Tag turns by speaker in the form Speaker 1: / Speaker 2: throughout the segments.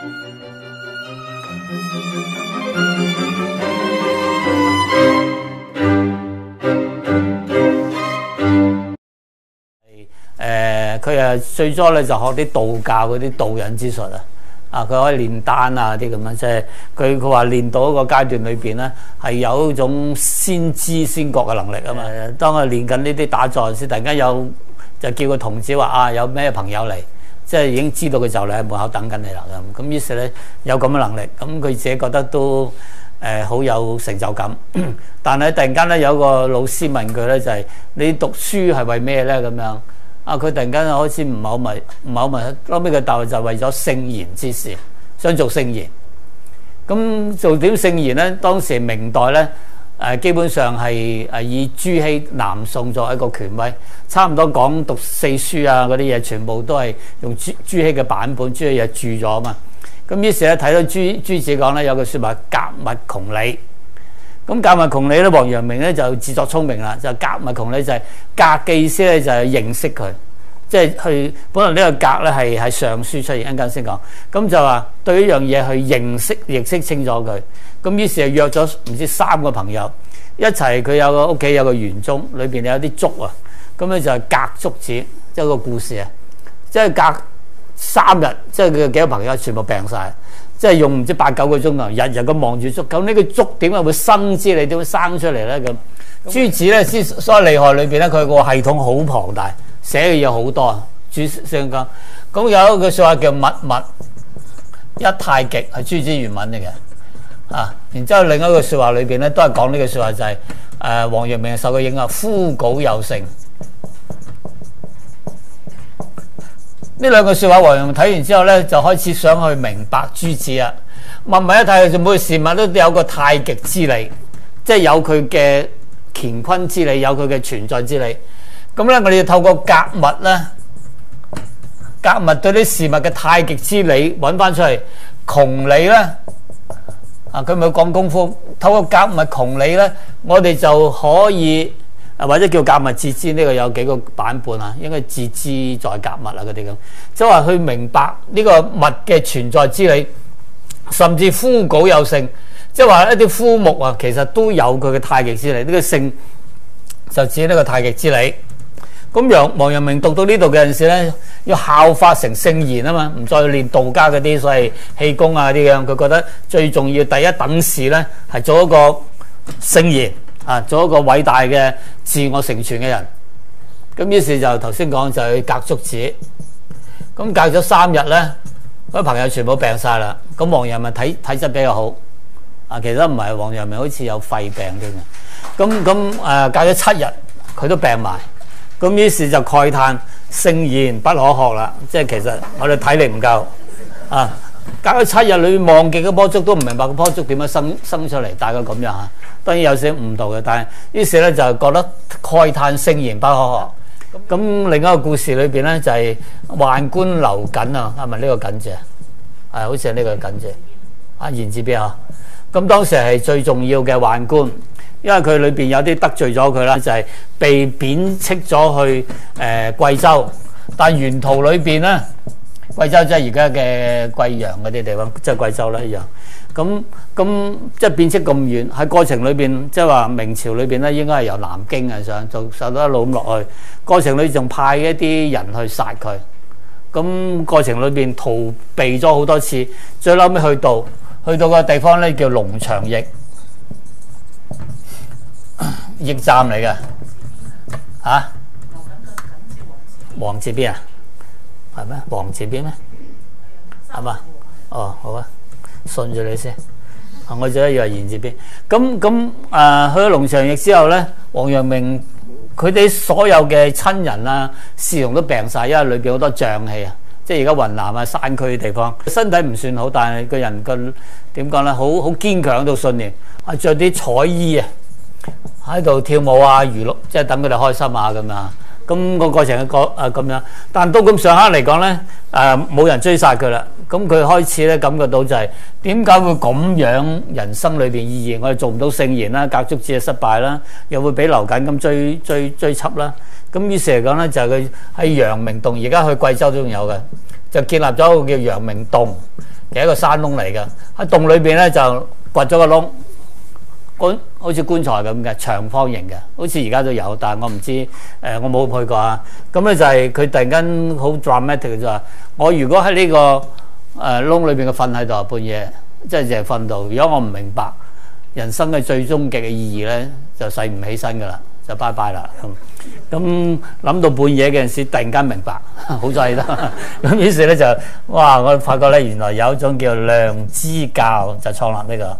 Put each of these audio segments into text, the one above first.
Speaker 1: 誒，佢啊、呃，最初咧就學啲道教嗰啲導引之術啊，啊，佢可以煉丹啊啲咁樣，即係佢佢話練到一個階段裏邊咧，係有一種先知先覺嘅能力啊嘛。當佢練緊呢啲打坐時，先突然間有就叫個童子話啊，有咩朋友嚟？即係已經知道佢就嚟喺門口等緊你啦咁，咁於是咧有咁嘅能力，咁佢自己覺得都誒、呃、好有成就感。 但係突然間咧有個老師問佢咧就係、是：你讀書係為咩咧？咁樣啊！佢突然間開始唔係好明，唔係好明，後尾嘅答案就為咗聖賢之事，想做聖賢。咁做點聖賢咧？當時明代咧。誒基本上係誒以朱熹南宋作為一個權威，差唔多講讀四書啊嗰啲嘢，全部都係用朱朱熹嘅版本，朱熹又注咗啊嘛。咁於是咧睇到朱朱子講咧，有句説話格物窮理。咁格物窮理咧，王陽明咧就自作聰明啦，就格物窮理就係格嘅意思咧就係認識佢。即係去，本來呢個格咧係係上書出現，一陣間先講，咁就話對一樣嘢去認識，認識清楚佢，咁於是就約咗唔知三個朋友一齊，佢有個屋企有個園中，裏邊有啲竹啊，咁咧就係隔竹子，即係個故事啊，即係隔三日，即係佢幾個朋友全部病晒，即係用唔知八九個鐘頭，日日咁望住竹，咁呢個竹點解會生知你點樣生出嚟咧？咁，竹子咧先所以厲害裡面，裏邊咧佢個系統好龐大。寫嘅嘢好多，朱先生講，咁有一句說話叫物物一太極，係朱子原文嚟嘅。啊，然之後另一句說話裏邊咧都係講呢句說話就係、是，誒、呃，王陽明受嘅影響，枯槁有性，呢兩句說話，王陽明睇完之後咧就開始想去明白朱子啊，物物一太極，就每個事物都有個太極之理，即係有佢嘅乾坤之理，有佢嘅存在之理。咁咧，我哋要透過格物咧，格物對啲事物嘅太極之理揾翻出嚟窮理咧。啊，佢咪講功夫，透過格物窮理咧，我哋就可以或者叫格物致知，呢個有幾個版本啊？應該致知在格物啊，嗰啲咁即係話去明白呢個物嘅存在之理，甚至枯槁有性，即係話一啲枯木啊，其實都有佢嘅太極之理。呢個性就指呢個太極之理。咁楊王陽明讀到呢度嘅陣時咧，要效法成聖賢啊嘛，唔再練道家嗰啲所謂氣功啊啲樣。佢覺得最重要第一等事咧，係做一個聖賢啊，做一個偉大嘅自我成全嘅人。咁於是就頭先講就去隔足子，咁隔咗三日咧，嗰個朋友全部病晒啦。咁王陽明體體質比較好啊，其實唔係王陽明好似有肺病嘅。咁咁誒，隔咗七日佢都病埋。咁於是就慨嘆聖賢不可學啦，即係其實我哋體力唔夠啊！隔咗七日裏望極嗰樖竹都唔明白嗰樖竹點樣生生出嚟，大概咁樣嚇、啊。當然有少少誤導嘅，但係於是咧就覺得慨嘆聖賢不可學。咁、嗯、另一個故事裏邊咧就係、是、宦官劉瑾啊，係咪呢個瑾字啊？係好似係呢個瑾字。阿言字邊啊？咁當時係最重要嘅宦官，因為佢裏邊有啲得罪咗佢啦，就係、是、被貶斥咗去誒貴、呃、州，但沿途裏邊咧，貴州即係而家嘅貴陽嗰啲地方，即係貴州啦一樣。咁咁即係貶斥咁遠，喺過程裏邊即係話明朝裏邊咧，應該係由南京嘅上，就受到一路咁落去。過程裏仲派一啲人去殺佢，咁過程裏邊逃避咗好多次，最撈尾去到。去到個地方咧，叫龍場驛。驛 站嚟嘅。吓、啊，王字邊啊，係咩？王字邊咩？係嘛？哦，好啊，順住你先。我就以為係言字邊。咁咁啊，去咗龍場驛之後咧，王陽明佢哋所有嘅親人啊、侍從都病晒，因為裏邊好多瘴氣啊。即係而家雲南啊，山區嘅地方，身體唔算好，但係個人個點講咧，好好堅強到信念，着啲彩衣啊，喺度跳舞啊，娛樂，即係等佢哋開心啊咁樣。咁個過程嘅個啊咁樣，但都咁上下嚟講咧，誒、呃、冇人追殺佢啦。咁佢開始咧，感覺到就係點解會咁樣，人生裏邊意義，我哋做唔到聖賢啦，格竹子嘅失敗啦，又會俾劉瑾咁追追追緝啦。咁於是嚟講咧，就係佢喺陽明洞，而家去貴州都有嘅，就建立咗個叫陽明洞嘅一個山窿嚟嘅，喺洞裏邊咧，就掘咗個窿棺，好似棺材咁嘅長方形嘅，好似而家都有，但係我唔知誒、呃，我冇去過啊。咁咧，就係佢突然間好 dramatic 噶，就話，我如果喺呢、這個誒窿裏邊嘅瞓喺度，半夜即係淨係瞓到。如果我唔明白人生嘅最終極嘅意義咧，就使唔起身噶啦，就拜拜啦。咁咁諗到半夜嘅陣時，突然間明白，好在啦。咁 於 是咧就哇，我發覺咧原來有一種叫良知教，就創立呢、這個。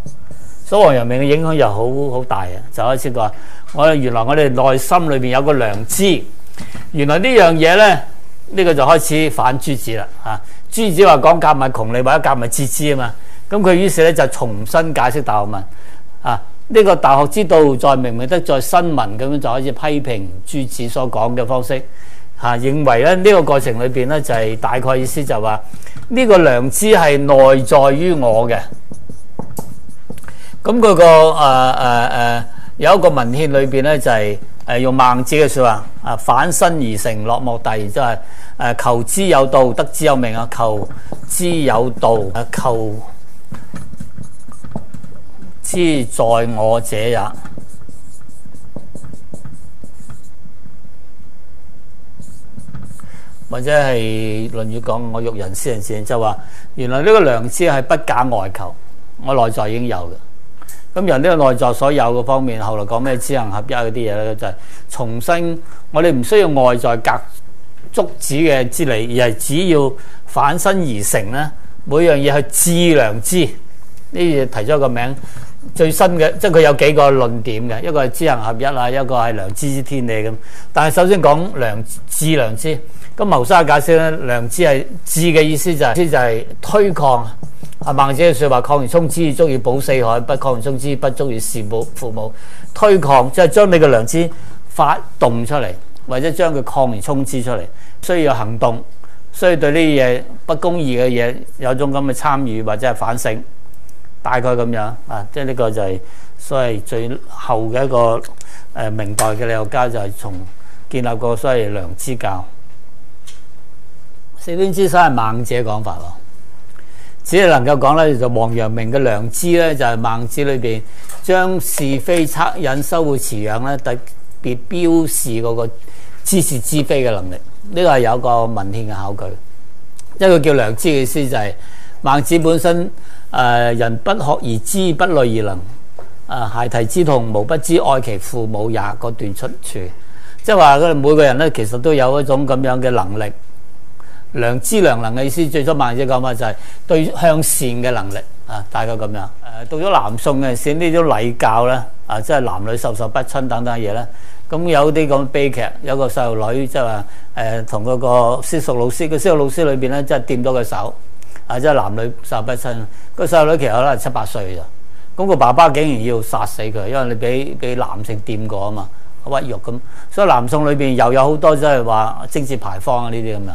Speaker 1: 所以王陽明嘅影響又好好大啊，就開始話我原來我哋內心裏邊有個良知。原來呢樣嘢咧，呢、這個就開始反諸子啦嚇。啊。朱子話講格物窮理或者格物致知啊嘛，咁佢於是咧就重新解釋大學問啊。呢個大學之道，在明明德聞？在新民，咁樣就可以批評朱子所講嘅方式嚇、啊，認為咧呢個過程裏邊咧就係大概意思就話呢個良知係內在於我嘅。咁佢個誒誒誒有一個文獻裏邊咧就係、是。誒，用孟子嘅說話，啊，反身而誠，樂莫大，即係誒，求之有道，得之有命。啊！求之有道，求之在我者也。或者係論語講我欲仁，斯仁至，就話原來呢個良知係不假外求，我內在已經有嘅。咁由呢個內在所有嘅方面，後來講咩知行合一嗰啲嘢咧，就係、是、重新我哋唔需要外在格竹子嘅之理，而係只要反身而成啦。每樣嘢係致良知，呢嘢提出一個名，最新嘅即係佢有幾個論點嘅，一個係知行合一啦，一個係良知之天理咁。但係首先講良知、致良知。咁謀生嘅解釋咧，良知係知嘅意思、就是，意思就係就係推擴。啊。孟子嘅説話：擴而充之，足以保四海；不擴而充之，不足以善保父母。推擴即係、就是、將你嘅良知發動出嚟，或者將佢擴而充之出嚟，需要行動，需要對呢啲嘢不公義嘅嘢有種咁嘅參與或者係反省，大概咁樣啊。即係呢個就係所謂最後嘅一個誒、呃、明代嘅理學家就係從建立過所謂良知教。四端之身係孟子講法咯，只係能夠講咧就王陽明嘅良知咧，就係孟子裏邊將是非、惻隱、羞惡、辭讓咧，特別標示嗰個知是知非嘅能力。呢、這個係有一個文獻嘅考據，一個叫良知嘅意思、就是，就係孟子本身。誒、呃、人不學而知，不累而能。誒、啊、孩提之童，無不知愛其父母也。嗰段出處，即係話佢哋每個人咧，其實都有一種咁樣嘅能力。良知良能嘅意思，最早孟子講法就係對向善嘅能力啊，大概咁樣。誒到咗南宋嘅時呢種禮教咧，啊，即係男女授受不親等等嘢咧。咁有啲咁悲劇，有個細路女即係話誒同嗰個私塾老師，個私塾老師裏邊咧，即係掂到個手啊，即係男女授受不親。個細路女其實可能七八歲咋，咁個爸爸竟然要殺死佢，因為你俾俾男性掂過啊嘛，屈辱咁。所以南宋裏邊又有好多即係話政治牌坊啊呢啲咁樣。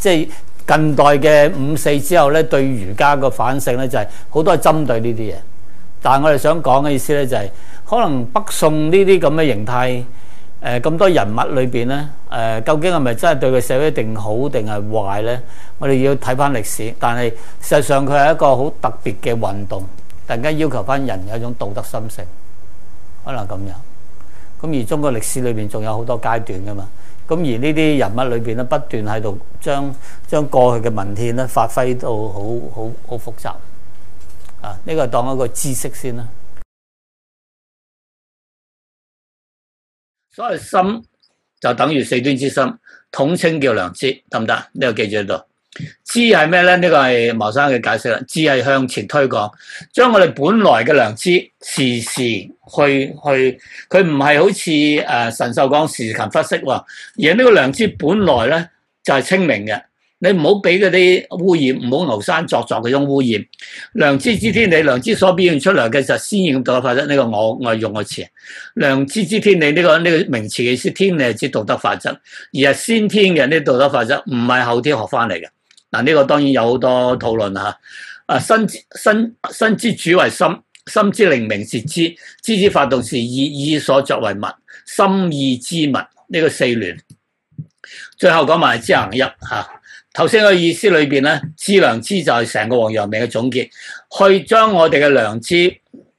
Speaker 1: 即係近代嘅五四之後咧，對儒家個反省咧，就係好多係針對呢啲嘢。但係我哋想講嘅意思咧，就係可能北宋呢啲咁嘅形態，誒咁多人物裏邊咧，誒究竟係咪真係對個社會一定好定係壞咧？我哋要睇翻歷史，但係事實上佢係一個好特別嘅運動，突然間要求翻人有一種道德心性，可能咁樣。咁而中國歷史裏邊仲有好多階段噶嘛。咁而呢啲人物裏邊咧，不斷喺度將將過去嘅文獻咧，發揮到好好好複雜啊！呢個係當一個知識先啦。所謂心就等於四端之心，統稱叫良知，得唔得？呢個記住喺度。致係咩咧？呢、這個係牟生嘅解釋啦。致係向前推廣，將我哋本來嘅良知時時去去，佢唔係好似誒、呃、神秀講時時勤拂拭喎。而呢個良知本來咧就係、是、清明嘅，你唔好俾嗰啲污染，唔好牛山濯濯嗰種污染。良知之天理，良知所表現出嚟嘅就係先天道德法則。呢、這個我我用個詞，良知之天理呢、這個呢、這個名詞嘅意思，天理係指道德法則，而係先天嘅呢、這個、道德法則，唔係後天學翻嚟嘅。嗱，呢個當然有好多討論啊！啊，身之身，身之主為心，心之靈明是知，知之發動是意，意所作為物，心意之物，呢、這個四聯。最後講埋知行一吓，頭先個意思裏邊咧，致良知就係成個王陽明嘅總結，去將我哋嘅良知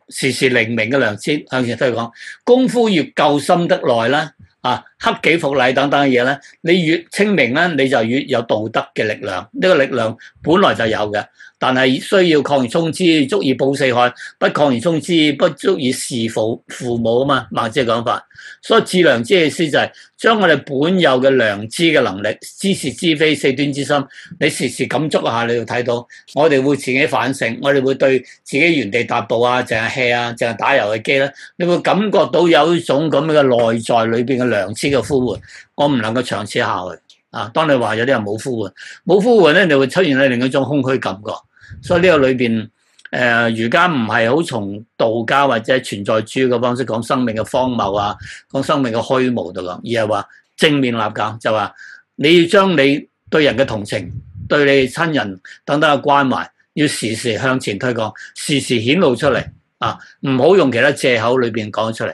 Speaker 1: 時時靈明嘅良知向前推講，功夫要夠心得耐啦啊！克己復禮等等嘅嘢咧，你越清明咧，你就越有道德嘅力量。呢、這個力量本來就有嘅，但係需要擴而充之，足以保四海，不擴而充之，不足以侍奉父，父母啊嘛。孟子嘅講法，所以致良知嘅意思就係、是、將我哋本有嘅良知嘅能力，知是知非、四端之心，你時時感觸一下，你就睇到我哋會自己反省，我哋會對自己原地踏步啊、淨係 hea 啊、淨係打遊戲機咧，你會感覺到有一種咁嘅內在裏邊嘅良知。呢個呼喚，我唔能夠長此下去啊！當你話有啲人冇呼喚，冇呼喚咧，你就會出現喺另一種空虛感覺。所以呢個裏邊，誒、呃，儒家唔係好從道家或者存在主義嘅方式講生命嘅荒謬啊，講生命嘅虛無度量，而係話正面立教，就話、是、你要將你對人嘅同情，對你親人等等嘅關懷，要時時向前推廣，時時顯露出嚟啊！唔好用其他借口裏邊講出嚟。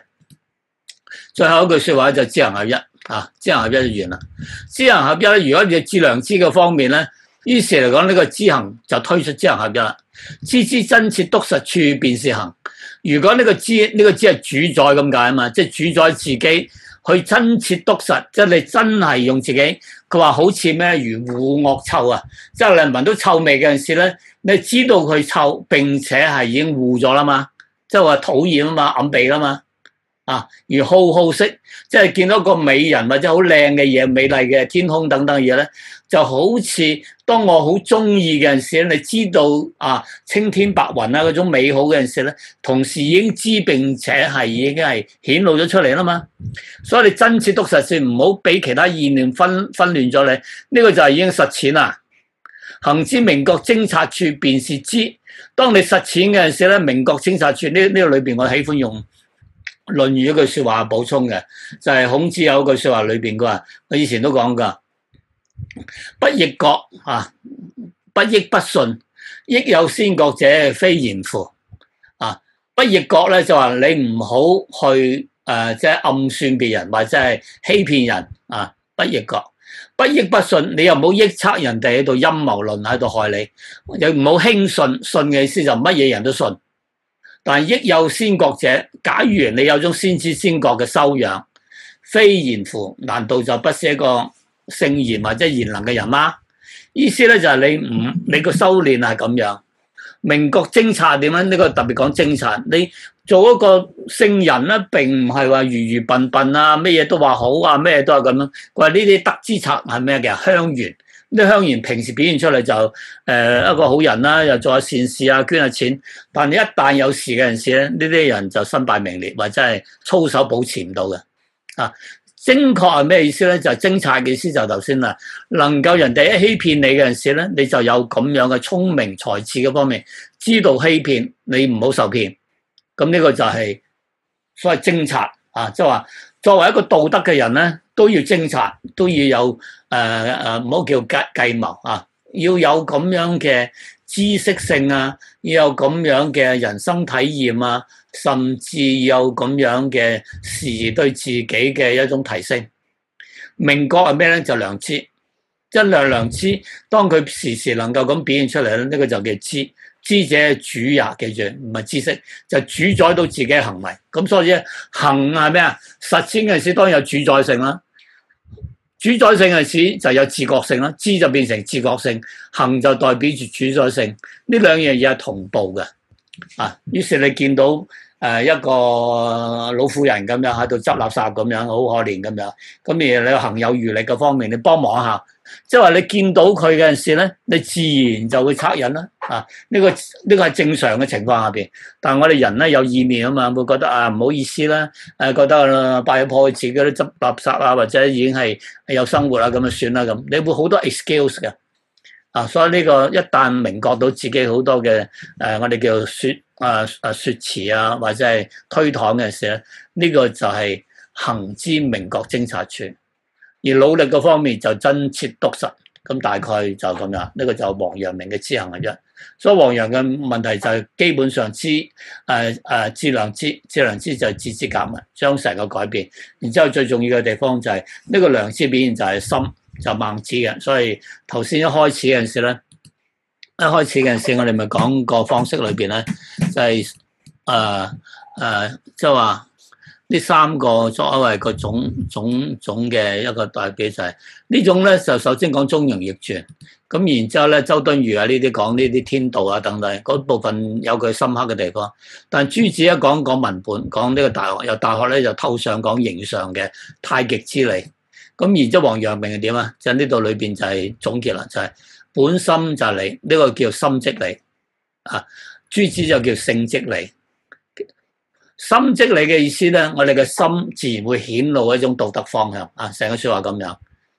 Speaker 1: 最後一句説話就知行合一啊！知行合一就完啦。知行合一，如果你知良知嘅方面咧，於是嚟講呢個知行就推出知行合一啦。知知真切篤實處便是行。如果呢個知呢個知係主宰咁解啊嘛，即係主宰自己去真切篤實，即係你真係用自己。佢話好似咩如護惡臭啊，即係你聞到臭味嗰陣時咧。你知道佢臭並且係已經護咗啦嘛，即係話討厭啊嘛，掩鼻啊嘛。啊，如好好色即係見到個美人或者好靚嘅嘢，美麗嘅天空等等嘢咧，就好似當我好中意嘅陣時，你知道啊，青天白雲啊嗰種美好嘅陣時咧，同時已經知並且係已經係顯露咗出嚟啦嘛。所以你真切篤實知，唔好俾其他意念分紛亂咗你。呢、這個就係已經實踐啦。行之明覺精察處便是知。當你實踐嘅陣時咧，明覺精察處呢呢、這個這個裏邊，我喜歡用。《論語》一句説話補充嘅，就係、是、孔子有一句説話裏面，裏邊佢話：我以前都講過，不義國啊，不義不信，義有先覺者非賢乎？啊，不義國咧就話你唔好去誒即係暗算別人，或者係欺騙人啊！不義國，不義不信，你又唔好臆測人哋喺度陰謀論，喺度害你，又唔好輕信，信嘅意思就乜嘢人都信。但益有先覺者，假如你有種先知先覺嘅修養，非言乎？難道就不是一個聖賢或者賢能嘅人嗎？意思咧就係你唔你個修練係咁樣，明覺精察點樣？呢、這個特別講精察，你做一個聖人咧，並唔係話愚愚笨笨啊，咩嘢都話好啊，咩嘢都係咁樣。佢話呢啲「德之賊」係咩嘅？鄉願。啲鄉賢平時表現出嚟，就誒、呃、一個好人啦，又做下善事啊，捐下錢。但你一旦有事嘅陣時咧，呢啲人就身敗名裂，或者係操守保持唔到嘅。啊，精確係咩意思咧？就係、是、精察嘅意思，就頭先啦，能夠人哋一欺騙你嘅陣時咧，你就有咁樣嘅聰明才智嘅方面，知道欺騙你唔好受騙。咁呢個就係所謂精察啊，即係話作為一個道德嘅人咧。都要偵察，都要有誒誒，唔、呃、好、啊、叫計計謀嚇、啊，要有咁樣嘅知識性啊，要有咁樣嘅人生體驗啊，甚至有咁樣嘅事，對自己嘅一種提升。明格係咩咧？就是、良知，一兩良知，當佢時時能夠咁表現出嚟咧，呢、這個就叫知。知者主也，記住，唔係知識，就是、主宰到自己嘅行為。咁所以行係咩啊？實踐嗰陣時當然有主宰性啦、啊。主宰性係指就有自覺性啦。知就變成自覺性，行就代表住主宰性。呢兩樣嘢係同步嘅。啊，於是你見到誒、呃、一個老婦人咁樣喺度執垃圾咁樣，好可憐咁樣。咁、嗯、而你行有餘力嘅方面，你幫忙一下。即係話你見到佢嘅陣時咧，你自然就會惻隱啦。啊，呢、這個呢、這個係正常嘅情況下邊，但係我哋人咧有意念啊嘛，會覺得啊唔好意思啦，誒、啊、覺得敗破、啊、自己啲執垃圾啊，或者已經係有生活啊咁啊算啦咁，你會好多 excuse 嘅。啊，所以呢、這個一旦明覺到自己好多嘅誒、啊，我哋叫做說誒誒說辭啊，或者係推搪嘅時候咧，呢、這個就係行之明覺精察處。而努力個方面就真切篤實，咁大概就咁樣，呢、這個就王陽明嘅知行嘅啫。所以王陽嘅問題就係基本上知誒誒、呃、致良知，致良知就致知格物，將成個改變。然之後最重要嘅地方就係、是、呢、這個良知表現就係心就孟子，嘅。所以頭先一開始嗰陣時咧，一開始嗰陣時我哋咪講個方式裏邊咧就係誒誒即係話。呃呃就是呢三個作為個總總總嘅一個代表就係、是、呢種咧，就首先講中庸易傳，咁然之後咧，周敦頤啊呢啲講呢啲天道啊等等嗰部分有佢深刻嘅地方。但係朱子一講講文本，講呢個大學，由大學咧就透上講形上嘅太極之理。咁然之後，王陽明係點啊？就呢度裏邊就係總結啦，就係、是、本心就理，呢、這個叫心即理。啊，朱子就叫性即理。心即理嘅意思咧，我哋嘅心自然會顯露一種道德方向啊！成個說話咁樣，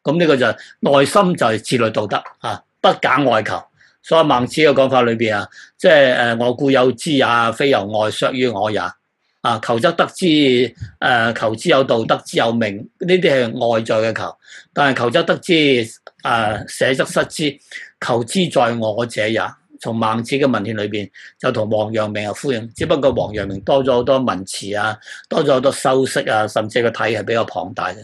Speaker 1: 咁、嗯、呢、這個就內、是、心就係自律道德啊，不假外求。所以孟子嘅講法裏邊啊，即係誒我固有之也，非由外鑠於我也啊！求則得之，誒、啊、求之有道，得之有命。呢啲係外在嘅求，但係求則得之，誒、啊、舍則失之。求之在我者也。從孟子嘅文獻裏邊，就同王陽明啊呼應，只不過王陽明多咗好多文辭啊，多咗好多修飾啊，甚至個體系比較龐大嘅。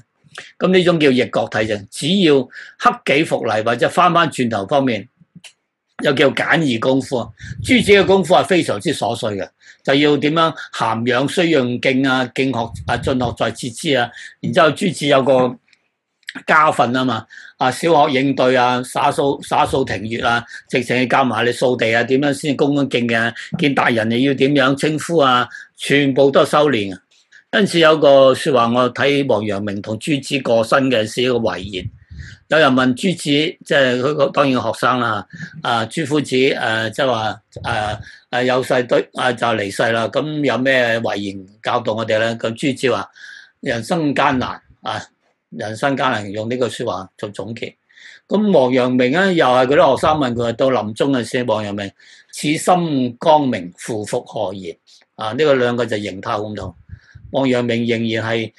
Speaker 1: 咁呢種叫逆覺體證。只要克己復禮或者翻翻轉頭方面，又叫簡易功夫。朱子嘅功夫係非常之瑣碎嘅，就要點樣涵養、需用敬啊、敬學啊、進學在致知啊。然之後朱子有個家訓啊嘛。啊！小學應對啊，灑掃灑掃庭院啊，直情要教埋你掃地啊，點樣先恭恭敬敬嘅，啊？見大人又要點樣稱呼啊？全部都係修練啊！因此有個説話，我睇王陽明同朱子過身嘅一個遺言。有人問朱子，即係佢個當然學生啦。啊，朱夫子誒，即係話誒誒有世對啊就離世啦。咁有咩遺言教導我哋咧？咁朱子話：人生艱難啊！人生艱難，用呢個說話做總結。咁王陽明咧，又係佢啲學生問佢，到臨終嘅時，王陽明此心光明，復復何言？啊，呢個兩個就形態好唔同。王陽明仍然係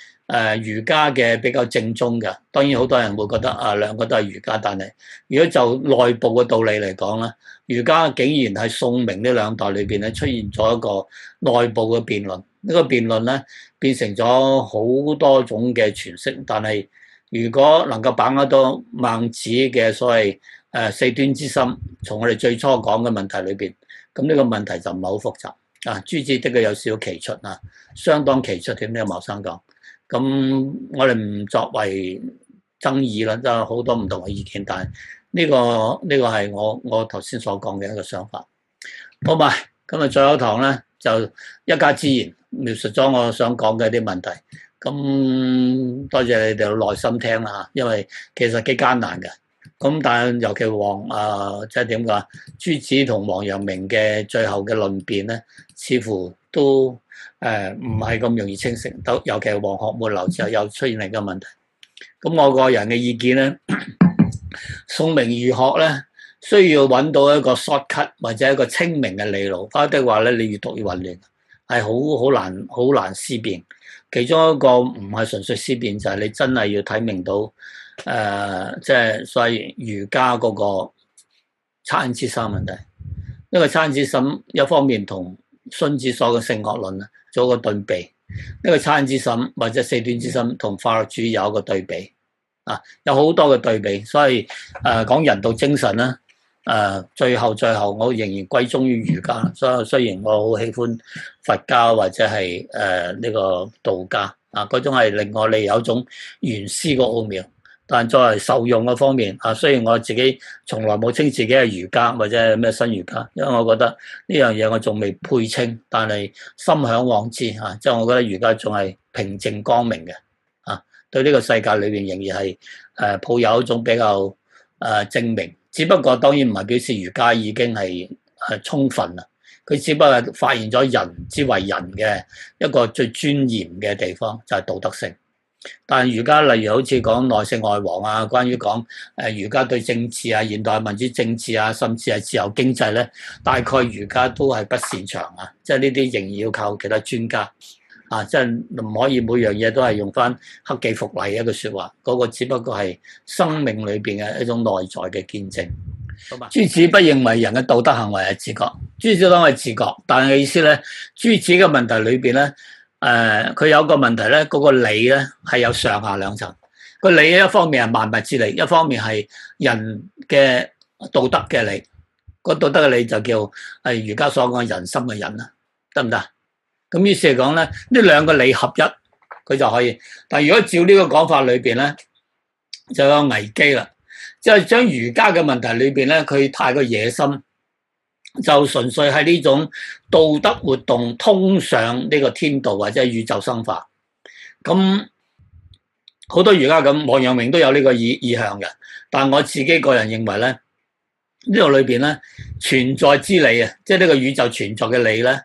Speaker 1: 誒儒家嘅比較正宗嘅。當然，好多人會覺得啊，兩個都係儒家，但係如果就內部嘅道理嚟講咧，儒家竟然係宋明呢兩代裏邊咧出現咗一個內部嘅辯論。呢、這個辯論咧。變成咗好多種嘅詮釋，但係如果能夠把握到孟子嘅所謂誒、呃、四端之心，從我哋最初講嘅問題裏邊，咁呢個問題就唔係好複雜啊。朱子的確有少少奇出啊，相當奇出添呢個毛生講。咁我哋唔作為爭議啦，就好多唔同嘅意見，但係呢、這個呢、這個係我我頭先所講嘅一個想法。好嘛，咁啊，最後一堂咧就一家之言。描述咗我想講嘅啲問題，咁多謝你哋耐心聽啦嚇，因為其實幾艱難嘅。咁但係尤其王啊、呃，即係點講？朱子同王陽明嘅最後嘅論辯咧，似乎都誒唔係咁容易清晰。尤尤其是王學末流之後，又出現另一個問題。咁我個人嘅意見咧，宋明儒學咧，需要揾到一個 short cut，或者一個清明嘅理路。家的話咧，你越讀越混亂。係好好難好難思辨。其中一個唔係純粹思辨，就係、是、你真係要睇明到，誒、呃、即、就、係、是、所謂儒家嗰個惻隱之心問題。呢個惻隱之心一方面同荀子所嘅性惡論啊做一個對比，呢個惻隱之心或者四端之心同法律主義有一個對比，啊，有好多嘅對比，所以誒講、呃、人道精神啦。誒，最後最後，我仍然歸宗於儒家。所以雖然我好喜歡佛教或者係誒呢個道家啊，嗰種係令我哋有一種玄思個奧妙。但作為受用嘅方面啊，雖然我自己從來冇稱自己係儒家或者係咩新儒家，因為我覺得呢樣嘢我仲未配稱。但係心向往之啊，即係我覺得儒家仲係平靜光明嘅啊，對呢個世界裏邊仍然係誒、啊、抱有一種比較誒、啊、精明。只不過當然唔係表示儒家已經係誒充分啦，佢只不過發現咗人之為人嘅一個最尊嚴嘅地方就係道德性。但係儒家例如好似講內聖外王啊，關於講誒儒家對政治啊、現代民主政治啊，甚至係自由經濟咧，大概儒家都係不擅長啊，即係呢啲仍然要靠其他專家。啊！即係唔可以每樣嘢都係用翻克己復禮一個說話，嗰、那個只不過係生命裏邊嘅一種內在嘅見證。朱吧子不認為人嘅道德行為係自覺，朱子當係自覺，但係意思咧，朱子嘅問題裏邊咧，誒、呃，佢有個問題咧，嗰、那個理咧係有上下兩層。那個理一方面係萬物之理，一方面係人嘅道德嘅理。那個道德嘅理就叫係儒家所講人心嘅仁」啊，得唔得？咁於是嚟講咧，呢兩個理合一，佢就可以。但係如果照呢個講法裏邊咧，就有危機啦，即係將儒家嘅問題裏邊咧，佢太過野心，就純粹喺呢種道德活動通上呢個天道或者宇宙生化。咁好多儒家咁，王陽明都有呢個意意向嘅。但係我自己個人認為咧，呢度裏邊咧存在之理啊，即係呢個宇宙存在嘅理咧。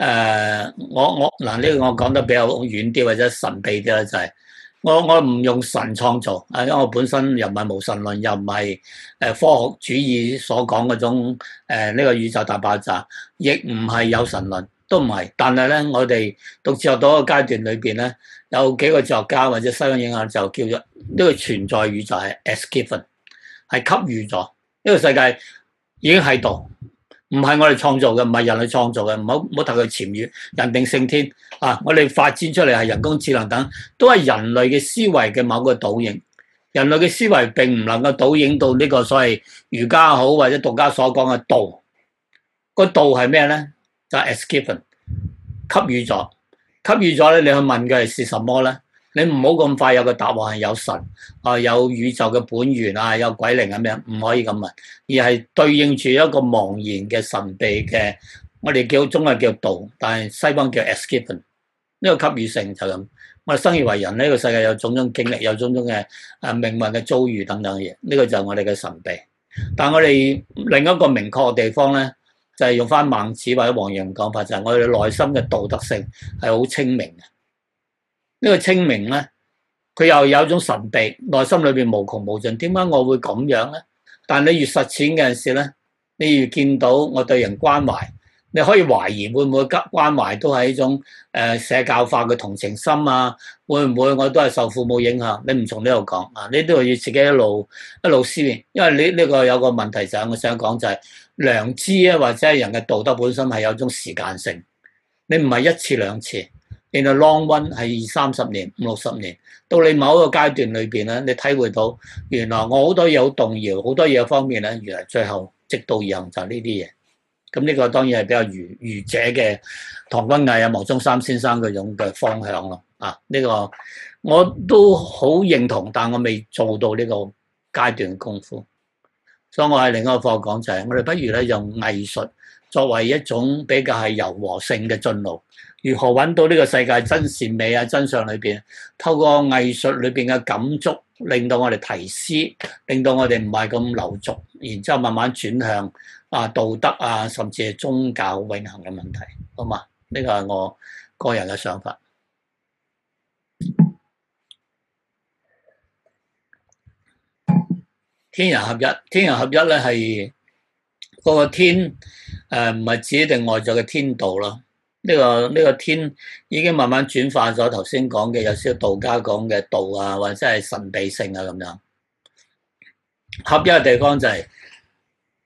Speaker 1: 誒，uh, 我我嗱呢個我講得比較遠啲或者神秘啲啦，就係、是、我我唔用神創造，啊，因為我本身又唔係無神論，又唔係誒科學主義所講嗰種呢、呃這個宇宙大爆炸，亦唔係有神論，都唔係。但係咧，我哋讀哲學到個階段裏邊咧，有幾個哲學家或者西方影響就叫做呢、這個存在宇宙係 as given，係給予咗呢個世界已經喺度。唔係我哋創造嘅，唔係人類創造嘅，唔好唔好投佢潛語。人定勝天啊！我哋發展出嚟係人工智能等，都係人類嘅思維嘅某個倒影。人類嘅思維並唔能夠倒影到呢個所謂儒家好或者道家所講嘅道。個道係咩咧？就 as given，給予咗，給予咗咧。你去問嘅係是什麼咧？你唔好咁快有個答案係有神啊，有宇宙嘅本源啊，有鬼靈咁樣，唔可以咁問，而係對應住一個茫然嘅神秘嘅。我哋叫中嘅叫道，但係西方叫 ascension。呢個給予性就係咁。我哋生而為人，呢個世界有種種經歷，有種種嘅誒命運嘅遭遇等等嘢。呢個就係我哋嘅神秘。但我哋另一個明確嘅地方咧，就係用翻孟子或者王陽明講法，就係我哋內心嘅道德性係好清明嘅。呢個清明咧，佢又有一種神秘，內心裏邊無窮無盡。點解我會咁樣咧？但你越實踐嘅陣時咧，你越見到我對人關懷。你可以懷疑會唔會關懷都係一種誒社交化嘅同情心啊？會唔會我都係受父母影響？你唔從呢度講啊？你都要自己一路一路思辨。因為你呢個有個問題就係我想講就係良知啊，或者係人嘅道德本身係有一種時間性。你唔係一次兩次。原來 long run 係二三十年、五六十年，到你某一個階段裏邊咧，你體會到原來我好多嘢好動搖，好多嘢方面咧，原來最後直到以後就呢啲嘢。咁呢個當然係比較儒儒者嘅唐君毅啊、牟宗三先生嗰種嘅方向咯。啊，呢、這個我都好認同，但我未做到呢個階段嘅功夫。所以我喺另一個課講就係、是，我哋不如咧用藝術作為一種比較係柔和性嘅進路。如何揾到呢個世界真善美啊、真相裏邊？透過藝術裏邊嘅感觸，令到我哋提思，令到我哋唔係咁流俗，然之後慢慢轉向啊道德啊，甚至係宗教永恆嘅問題。好嘛？呢個係我個人嘅想法。天人合一，天人合一咧係嗰個天，誒，唔係指定外在嘅天道囉。呢個呢個天已經慢慢轉化咗，頭先講嘅有少少道家講嘅道啊，或者係神秘性啊咁樣，合一嘅地方就係、是、誒、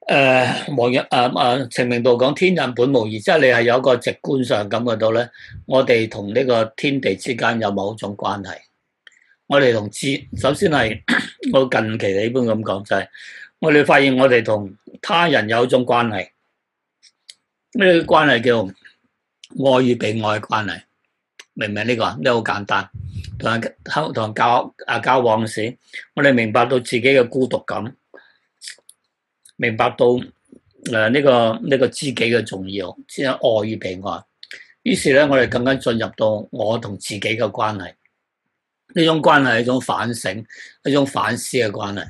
Speaker 1: 呃、王陽明啊啊程明道講天人本無異，即、呃、係、呃呃呃、你係有個直觀上感覺到咧，我哋同呢個天地之間有某種關係，我哋同先首先係我近期一般咁講就係，我哋發現我哋同他人有一種關係，呢個關係叫愛與被愛嘅關係，明唔明呢個？呢好簡單，同阿同同教阿交往時，我哋明白到自己嘅孤獨感，明白到誒呢、呃這個呢、這個知己嘅重要，先係愛與被愛。於是咧，我哋更加進入到我同自己嘅關係，呢種關係係一種反省、一種反思嘅關係。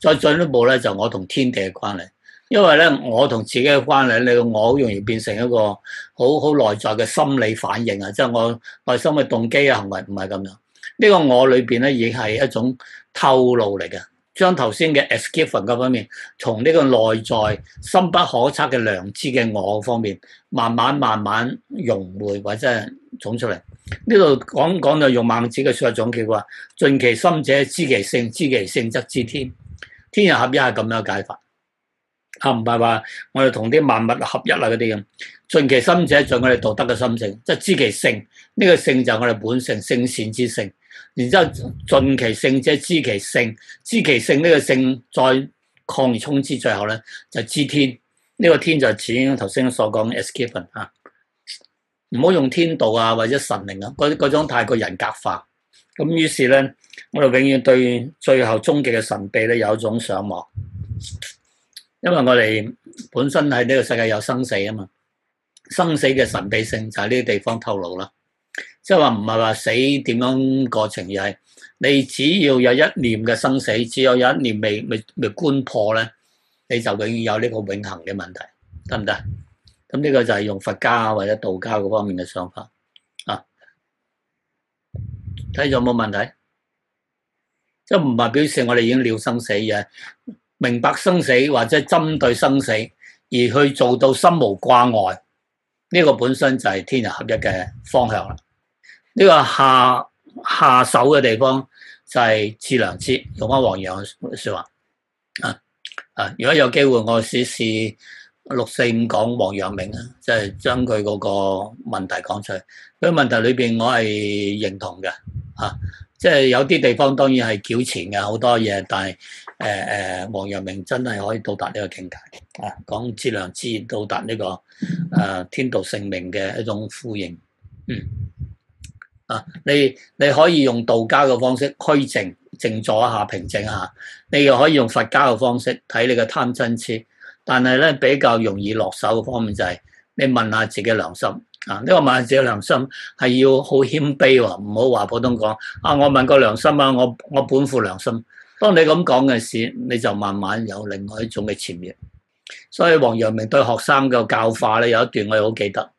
Speaker 1: 再進一步咧，就是、我同天地嘅關係。因為咧，我同自己嘅關係，你個我好容易變成一個好好內在嘅心理反應啊！即係我內心嘅動機啊，行為唔係咁樣。呢個我裏邊咧，亦係一種透露嚟嘅，將頭先嘅 escape 嗰方面，從呢個內在深不可測嘅良知嘅我方面，慢慢慢慢融匯或者係湧出嚟。呢度講講就用孟子嘅說總結話：盡其心者，知其性；知其性，則知天。天人合一係咁樣嘅解法。啊，唔係話我哋同啲萬物合一啊，嗰啲咁。盡其心者，盡我哋道德嘅心性，即係知其性。呢個性就係我哋本性，性善之性。然之後盡其性者，知其性。知其性呢個性，再擴而充之，最後咧就是知天。呢個天就似頭先所講，ascension 啊。唔好用天道啊，或者神靈啊，嗰嗰種太過人格化。咁於是咧，我哋永遠對最後終極嘅神秘咧，有一種想望。因為我哋本身喺呢個世界有生死啊嘛，生死嘅神秘性就係呢啲地方透露啦。即係話唔係話死點樣過程，而係你只要有一念嘅生死，只要有一念未未未觀破咧，你就永遠有呢個永恒嘅問題，得唔得？咁呢個就係用佛家或者道家嗰方面嘅想法啊。睇咗冇問題？即係唔係表示我哋已經了生死嘅？明白生死或者針對生死而去做到心無掛礙，呢個本身就係天人合一嘅方向啦。呢個下下手嘅地方就係致良知，用翻王陽說話啊啊！如果有機會，我試試六四五講王陽明啊，即係將佢嗰個問題講出去。佢問題裏邊，我係認同嘅啊，即係有啲地方當然係矯情嘅好多嘢，但係。誒誒、呃，王陽明真係可以到達呢個境界啊！講致良知，到達呢、這個誒、啊、天道性命嘅一種呼應。嗯啊，你你可以用道家嘅方式靜，虛靜靜坐一下，平靜一下。你又可以用佛家嘅方式，睇你嘅貪嗔痴。但係咧，比較容易落手嘅方面就係、是，你問下自己良心啊！呢個問下自己良心係要好謙卑，唔好話普通講啊！我問個良心啊，我我本乎良心。當你咁講嘅時，你就慢慢有另外一種嘅潛意。所以王陽明對學生嘅教化咧，有一段我亦好記得，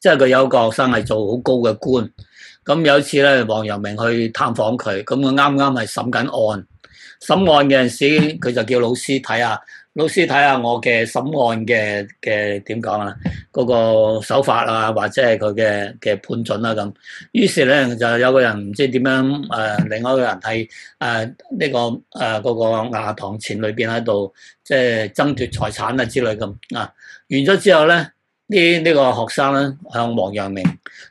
Speaker 1: 即係佢有一個學生係做好高嘅官，咁有一次咧，王陽明去探訪佢，咁佢啱啱係審緊案，審案嘅時，佢就叫老師睇下。老師睇下我嘅審案嘅嘅點講啊，嗰、那個手法啊，或者係佢嘅嘅判準啦、啊、咁。於是咧就有個人唔知點樣誒、呃，另外一個人係誒呢個誒、呃這個衙堂前裏邊喺度，即、呃、係爭奪財產啊之類咁啊、呃。完咗之後咧，呢呢、這個學生咧向王陽明，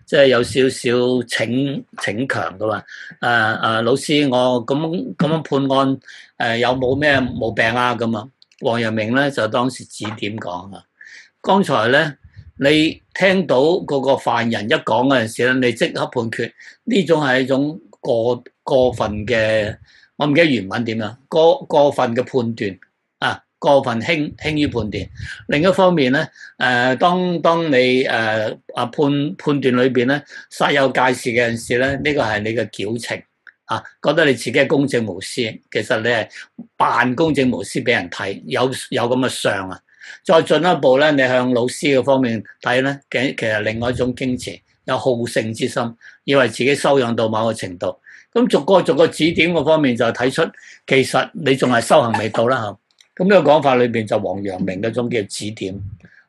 Speaker 1: 即、就、係、是、有少少請請強噶嘛。誒、呃、誒、呃，老師我咁咁樣判案誒、呃，有冇咩毛病啊咁啊？王陽明咧就當時指點講啊，剛才咧你聽到嗰個犯人一講嗰陣時咧，你即刻判決呢種係一種過過分嘅，我唔記得原文點啊，過過分嘅判斷啊，過分輕輕於判斷。另一方面咧，誒、呃，當當你誒啊、呃、判判斷裏邊咧，煞有介事嘅陣時咧，呢、這個係你嘅矯情。啊！覺得你自己係公正無私，其實你係扮公正無私俾人睇，有有咁嘅相啊！再進一步咧，你向老師嘅方面睇咧，其其實另外一種矜持，有好勝之心，以為自己修養到某個程度，咁逐個逐個指點嘅方面就睇出，其實你仲係修行未到啦嚇！咁呢個講法裏邊就王陽明嘅一種叫指點。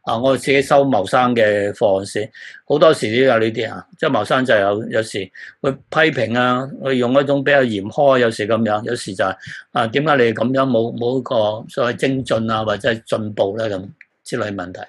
Speaker 1: 啊！我自己收茅山嘅課士，好多時都有呢啲啊，即係茅山就有，有時會批評啊，會用一種比較嚴苛，有時咁樣，有時就係啊，點解你咁樣冇冇一個所謂精進啊，或者進步咧咁之類問題。